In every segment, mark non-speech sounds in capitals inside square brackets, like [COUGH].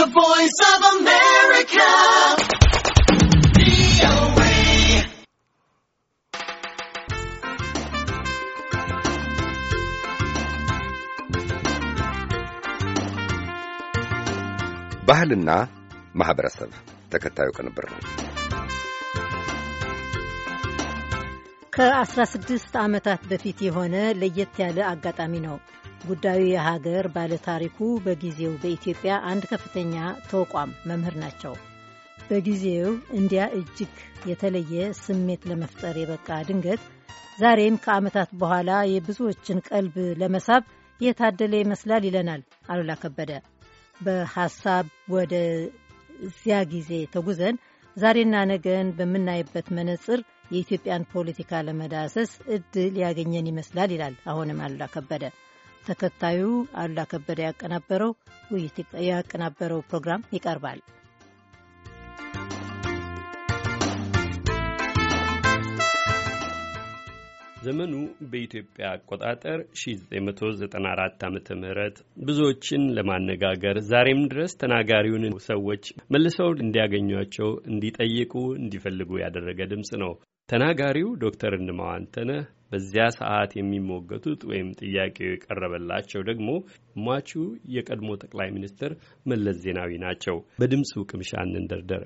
The Voice of America. ባህልና ማህበረሰብ ተከታዩ ቅንብር ነው። ከ16 ዓመታት በፊት የሆነ ለየት ያለ አጋጣሚ ነው። ጉዳዩ የሀገር ባለታሪኩ በጊዜው በኢትዮጵያ አንድ ከፍተኛ ተቋም መምህር ናቸው። በጊዜው እንዲያ እጅግ የተለየ ስሜት ለመፍጠር የበቃ ድንገት ዛሬም ከዓመታት በኋላ የብዙዎችን ቀልብ ለመሳብ የታደለ ይመስላል ይለናል አሉላ ከበደ። በሐሳብ ወደ ጊዜ ተጉዘን ዛሬና ነገን በምናይበት መነጽር የኢትዮጵያን ፖለቲካ ለመዳሰስ እድል ያገኘን ይመስላል ይላል አሁንም አሉላ ከበደ። ተከታዩ አሉላ ከበደ ያቀናበረው ውይይት ያቀናበረው ፕሮግራም ይቀርባል። ዘመኑ በኢትዮጵያ አቆጣጠር 1994 ዓ ም ብዙዎችን ለማነጋገር ዛሬም ድረስ ተናጋሪውን ሰዎች መልሰው እንዲያገኟቸው እንዲጠይቁ እንዲፈልጉ ያደረገ ድምፅ ነው። ተናጋሪው ዶክተር እንማዋንተነህ በዚያ ሰዓት የሚሞገቱት ወይም ጥያቄው የቀረበላቸው ደግሞ ሟቹ የቀድሞ ጠቅላይ ሚኒስትር መለስ ዜናዊ ናቸው። በድምፁ ቅምሻ እንንደርደር።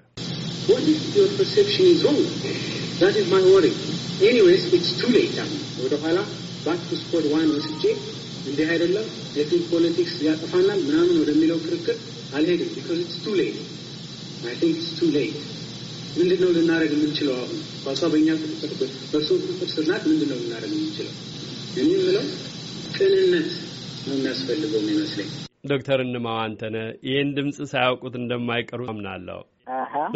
ወደኋላ ባክ ዋን ወስጄ እንዲህ አይደለም የፊልም ፖለቲክስ ያጠፋናል ምናምን ወደሚለው ክርክር አልሄድም። ቢኮዝ ኢትስ ቱ ሌት አይ ቲንክ ኢትስ ቱ ሌት ምንድን ነው ልናደርግ የምንችለው? አሁን ኳሷ በእኛ ቁጥጥር በእሱ ቁጥጥር ስር ናት። ምንድን ነው ልናደርግ የምንችለው? እኔ የምለው ቅንነት ነው የሚያስፈልገው ይመስለኝ። ዶክተር እንማዋንተነ ይህን ድምፅ ሳያውቁት እንደማይቀሩ አምናለሁ። [LAUGHS]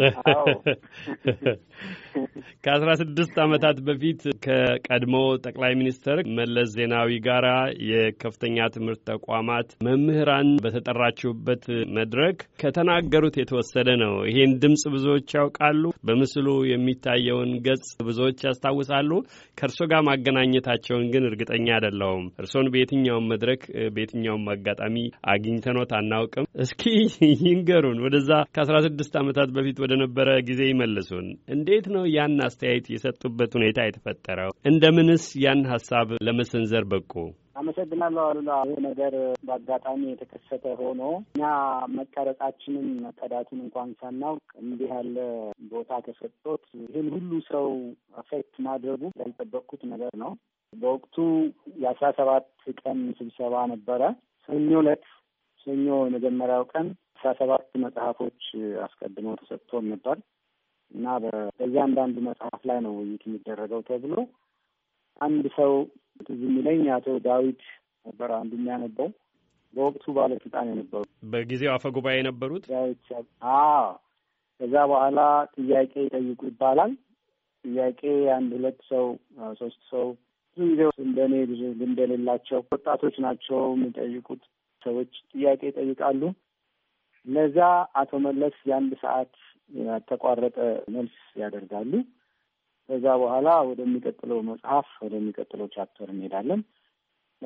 ከአስራ ስድስት ዓመታት በፊት ከቀድሞ ጠቅላይ ሚኒስትር መለስ ዜናዊ ጋራ የከፍተኛ ትምህርት ተቋማት መምህራን በተጠራችሁበት መድረክ ከተናገሩት የተወሰደ ነው። ይሄን ድምፅ ብዙዎች ያውቃሉ። በምስሉ የሚታየውን ገጽ ብዙዎች ያስታውሳሉ። ከእርሶ ጋር ማገናኘታቸውን ግን እርግጠኛ አይደለሁም። እርሶን በየትኛውም መድረክ በየትኛውም አጋጣሚ አግኝተኖት አናውቅም። እስኪ ይንገሩን ወደዛ ከአስራ ስድስት ዓመት ከዓመታት በፊት ወደ ነበረ ጊዜ ይመልሱን። እንዴት ነው ያን አስተያየት የሰጡበት ሁኔታ የተፈጠረው? እንደምንስ ያን ሀሳብ ለመሰንዘር በቁ? አመሰግናለሁ አሉላ። ይህ ነገር በአጋጣሚ የተከሰተ ሆኖ እኛ መቀረጻችንን መቀዳቱን እንኳን ሳናውቅ እንዲህ ያለ ቦታ ተሰጥቶት ይህን ሁሉ ሰው አፌክት ማድረጉ ያልጠበቅኩት ነገር ነው። በወቅቱ የአስራ ሰባት ቀን ስብሰባ ነበረ። ሰኞ ዕለት ሰኞ የመጀመሪያው ቀን አስራ ሰባት መጽሐፎች አስቀድሞ ተሰጥቶን ነበር እና በእያንዳንዱ መጽሐፍ ላይ ነው ውይይት የሚደረገው ተብሎ አንድ ሰው ትዝ የሚለኝ አቶ ዳዊት ነበር አንዱ የሚያነበው በወቅቱ ባለስልጣን የነበሩ በጊዜው አፈ ጉባኤ የነበሩት ከዛ በኋላ ጥያቄ ይጠይቁ ይባላል። ጥያቄ አንድ ሁለት ሰው ሶስት ሰው ብዙ ጊዜ እንደኔ ብዙ ልምድ የሌላቸው ወጣቶች ናቸው የሚጠይቁት ሰዎች ጥያቄ ይጠይቃሉ። ለዛ አቶ መለስ የአንድ ሰዓት ያልተቋረጠ መልስ ያደርጋሉ። ከዛ በኋላ ወደሚቀጥለው መጽሐፍ ወደሚቀጥለው ቻፕተር እንሄዳለን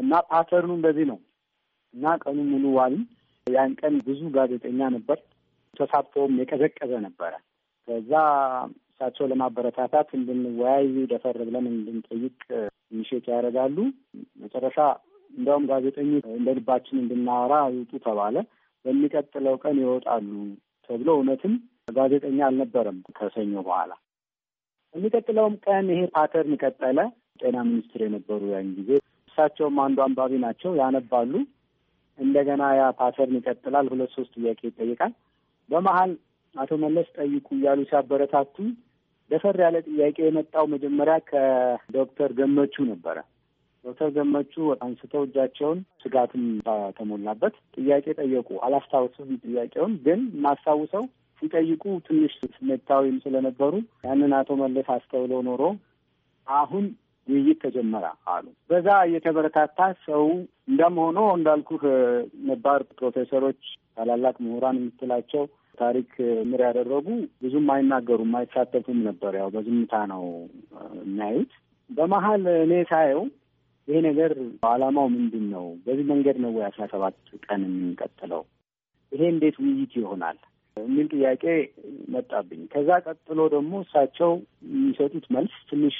እና ፓተርኑ እንደዚህ ነው እና ቀኑ ሙሉ ዋልን። ያን ቀን ብዙ ጋዜጠኛ ነበር፣ ተሳትፎም የቀዘቀዘ ነበረ። ከዛ እሳቸው ለማበረታታት እንድንወያዩ ደፈር ብለን እንድንጠይቅ ሚሼት ያደርጋሉ። መጨረሻ እንዲያውም ጋዜጠኞች እንደ ልባችን እንድናወራ ይውጡ ተባለ። በሚቀጥለው ቀን ይወጣሉ ተብሎ እውነትም ጋዜጠኛ አልነበረም ከሰኞ በኋላ። በሚቀጥለውም ቀን ይሄ ፓተርን ቀጠለ። ጤና ሚኒስትር የነበሩ ያን ጊዜ እሳቸውም አንዱ አንባቢ ናቸው፣ ያነባሉ። እንደገና ያ ፓተርን ይቀጥላል። ሁለት ሶስት ጥያቄ ይጠይቃል። በመሀል አቶ መለስ ጠይቁ እያሉ ሲያበረታቱ ደፈር ያለ ጥያቄ የመጣው መጀመሪያ ከዶክተር ገመቹ ነበረ። ዶክተር ገመቹ አንስተው እጃቸውን ስጋትም በተሞላበት ጥያቄ ጠየቁ። አላስታውስም ጥያቄውን ግን ማስታውሰው ሲጠይቁ ትንሽ ስሜታዊም ስለነበሩ ያንን አቶ መለስ አስተውለው ኖሮ አሁን ውይይት ተጀመረ አሉ። በዛ እየተበረታታ ሰው እንደም ሆኖ እንዳልኩህ ነባር ፕሮፌሰሮች፣ ታላላቅ ምሁራን የምትላቸው ታሪክ ምር ያደረጉ ብዙም አይናገሩም፣ አይሳተፉም ነበር። ያው በዝምታ ነው የሚያዩት። በመሀል እኔ ሳየው ይሄ ነገር አላማው ምንድን ነው? በዚህ መንገድ ነው ወይ አስራ ሰባት ቀን የምንቀጥለው? ይሄ እንዴት ውይይት ይሆናል የሚል ጥያቄ መጣብኝ። ከዛ ቀጥሎ ደግሞ እሳቸው የሚሰጡት መልስ ትንሽ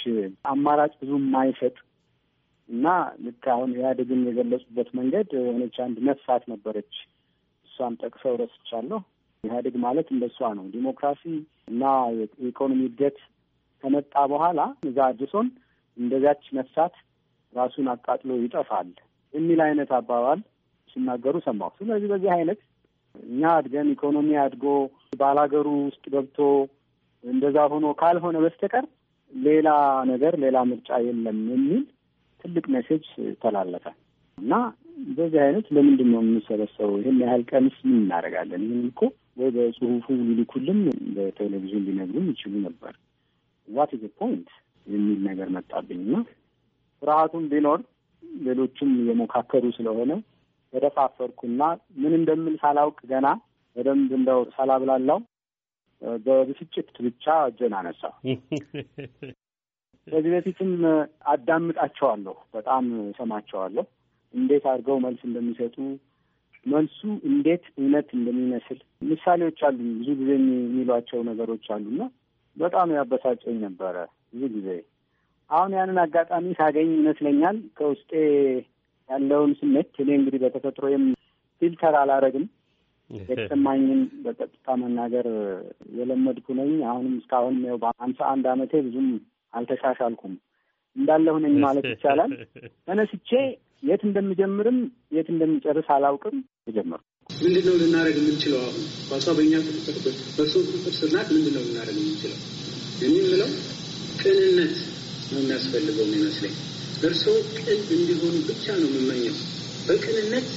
አማራጭ ብዙ የማይሰጥ እና ልክ አሁን ኢህአዴግን የገለጹበት መንገድ የሆነች አንድ ነፍሳት ነበረች። እሷን ጠቅሰው ረስቻለሁ። ኢህአዴግ ማለት እንደሷ ነው። ዲሞክራሲ እና የኢኮኖሚ እድገት ከመጣ በኋላ እዛ አድሶን እንደዚያች ነፍሳት ራሱን አቃጥሎ ይጠፋል የሚል አይነት አባባል ሲናገሩ ሰማሁ። ስለዚህ በዚህ አይነት እኛ አድገን ኢኮኖሚ አድጎ ባላገሩ ውስጥ ገብቶ እንደዛ ሆኖ ካልሆነ በስተቀር ሌላ ነገር ሌላ ምርጫ የለም የሚል ትልቅ ሜሴጅ ተላለፈ እና በዚህ አይነት ለምንድን ነው የምንሰበሰበው? ይህን ያህል ቀንስ ምን እናደርጋለን? ይህን እኮ ወይ በጽሁፉ ሊልኩልም በቴሌቪዥን ሊነግሩም ይችሉ ነበር። ዋት ኢዝ ፖይንት የሚል ነገር መጣብኝና ፍርሃቱን ቢኖር ሌሎችም እየሞካከሩ ስለሆነ ተደፋፈርኩና ምን እንደምል ሳላውቅ ገና በደንብ እንደው ሳላብላላው በብስጭት ብቻ እጄን አነሳ። ከዚህ በፊትም አዳምጣቸዋለሁ፣ በጣም ሰማቸዋለሁ፣ እንዴት አድርገው መልስ እንደሚሰጡ መልሱ እንዴት እውነት እንደሚመስል ምሳሌዎች አሉ። ብዙ ጊዜ የሚሏቸው ነገሮች አሉና በጣም ያበሳጨኝ ነበረ ብዙ ጊዜ አሁን ያንን አጋጣሚ ሳገኝ ይመስለኛል ከውስጤ ያለውን ስሜት እኔ እንግዲህ በተፈጥሮ ወይም ፊልተር አላረግም የተሰማኝን በቀጥታ መናገር የለመድኩ ነኝ። አሁንም እስካሁንም ያው በአምሳ አንድ አመቴ ብዙም አልተሻሻልኩም እንዳለሁ ነኝ ማለት ይቻላል። ተነስቼ የት እንደምጀምርም የት እንደምጨርስ አላውቅም። ተጀመርኩ ምንድን ነው ልናደርግ የምንችለው አሁን ኳሷ በእኛ ቁጥጥር በእርሶ ቁጥጥር ስር ናት። ምንድን ነው ልናደርግ የምንችለው የሚምለው ቅንነት ነው የሚያስፈልገው የሚመስለኝ። እርስዎ ቅን እንዲሆኑ ብቻ ነው የምመኘው። በቅንነት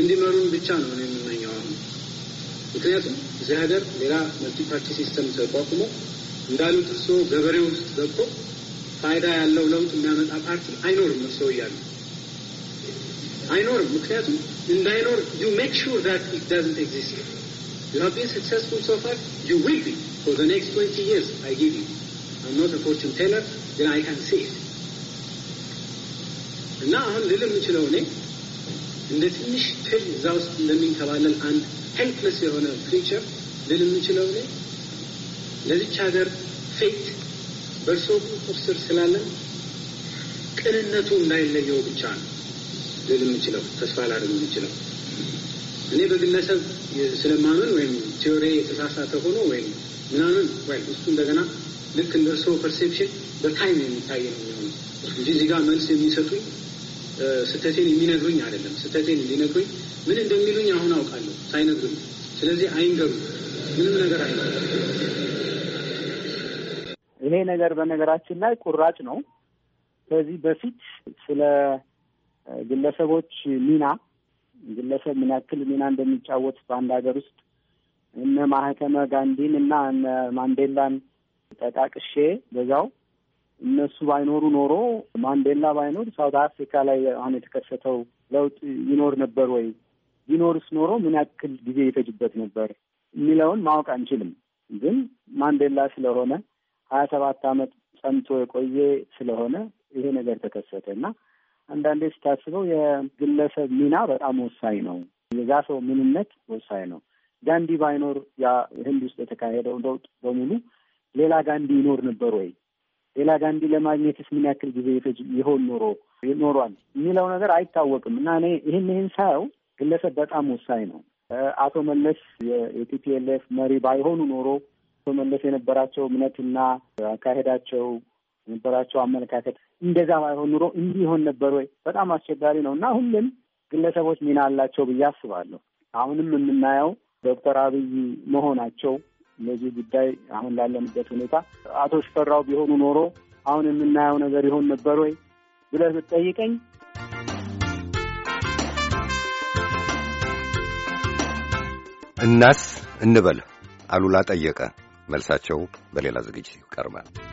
እንዲመሩን ብቻ ነው ነው የምመኘው አሁን። ምክንያቱም እዚህ ሀገር ሌላ መልቲ ፓርቲ ሲስተም ተቋቁሞ እንዳሉት እርስዎ ገበሬ ውስጥ ገብቶ ፋይዳ ያለው ለውጥ የሚያመጣ ፓርቲ አይኖርም። እርስዎ እያሉ አይኖርም። ምክንያቱም እንዳይኖር ዩ ሜክ ሹር ዳት ኢት ዳዝንት ኤግዚስት ዩ ሃቭ ቢን ሰክሰስፉል ሶ ፋር ዩ ዊል ቢ ፎር ዘ ኔክስት ትዌንቲ ይርስ አይ ጊቭ ዩ I'm not a fortune teller, then I can see it. እና አሁን ልል የምችለው እኔ እንደ ትንሽ ትል እዛ ውስጥ እንደሚንከባለል አንድ ሄልፕለስ የሆነ ክሪቸር ልል የምችለው እኔ ለዚች ሀገር ፌት በእርሶ ቁጥጥር ስር ስላለን ቅንነቱ እንዳይለየው ብቻ ነው ልል የምችለው ተስፋ ላደርግ የምችለው እኔ በግለሰብ ስለማመን ወይም ቴዎሪ የተሳሳተ ሆኖ ወይም ምናምን ወይ እሱ እንደገና ልክ እንደ እርስዎ ፐርሴፕሽን በታይም የሚታይ ነው የሚሆነው እንጂ እዚህ ጋር መልስ የሚሰጡኝ ስህተቴን የሚነግሩኝ አይደለም። ስህተቴን ሊነግሩኝ ምን እንደሚሉኝ አሁን አውቃለሁ ሳይነግሩኝ። ስለዚህ አይንገሩ፣ ምንም ነገር አይነ ይሄ ነገር በነገራችን ላይ ቁራጭ ነው። ከዚህ በፊት ስለ ግለሰቦች ሚና ግለሰብ ምን ያክል ሚና እንደሚጫወት በአንድ ሀገር ውስጥ እነ ማህተመ ጋንዲን እና እነ ማንዴላን ጠቃቅሼ በዛው እነሱ ባይኖሩ ኖሮ ማንዴላ ባይኖር ሳውት አፍሪካ ላይ አሁን የተከሰተው ለውጥ ይኖር ነበር ወይ? ቢኖርስ ኖሮ ምን ያክል ጊዜ ይፈጅበት ነበር የሚለውን ማወቅ አንችልም። ግን ማንዴላ ስለሆነ ሀያ ሰባት አመት ጸንቶ የቆየ ስለሆነ ይሄ ነገር ተከሰተ እና አንዳንዴ ስታስበው የግለሰብ ሚና በጣም ወሳኝ ነው። የዛ ሰው ምንነት ወሳኝ ነው። ጋንዲ ባይኖር ያ ህንድ ውስጥ የተካሄደው ለውጥ በሙሉ ሌላ ጋንዲ ይኖር ነበር ወይ? ሌላ ጋንዲ ለማግኘትስ ምን ያክል ጊዜ ይፈጅ ይሆን ኖሮ ይኖሯል የሚለው ነገር አይታወቅም። እና እኔ ይህን ይህን ሳየው ግለሰብ በጣም ወሳኝ ነው። አቶ መለስ የቲፒኤልኤፍ መሪ ባይሆኑ ኖሮ አቶ መለስ የነበራቸው እምነትና አካሄዳቸው የነበራቸው አመለካከት እንደዛ ባይሆን ኑሮ እንዲህ ይሆን ነበር ወይ? በጣም አስቸጋሪ ነው እና ሁሉም ግለሰቦች ሚና አላቸው ብዬ አስባለሁ። አሁንም የምናየው ዶክተር አብይ መሆናቸው ለዚህ ጉዳይ አሁን ላለንበት ሁኔታ አቶ ሽፈራው ቢሆኑ ኖሮ አሁን የምናየው ነገር ይሆን ነበር ወይ ብለህ ብትጠይቀኝ እናስ እንበል አሉላ ጠየቀ። መልሳቸው በሌላ ዝግጅት ይቀርባል።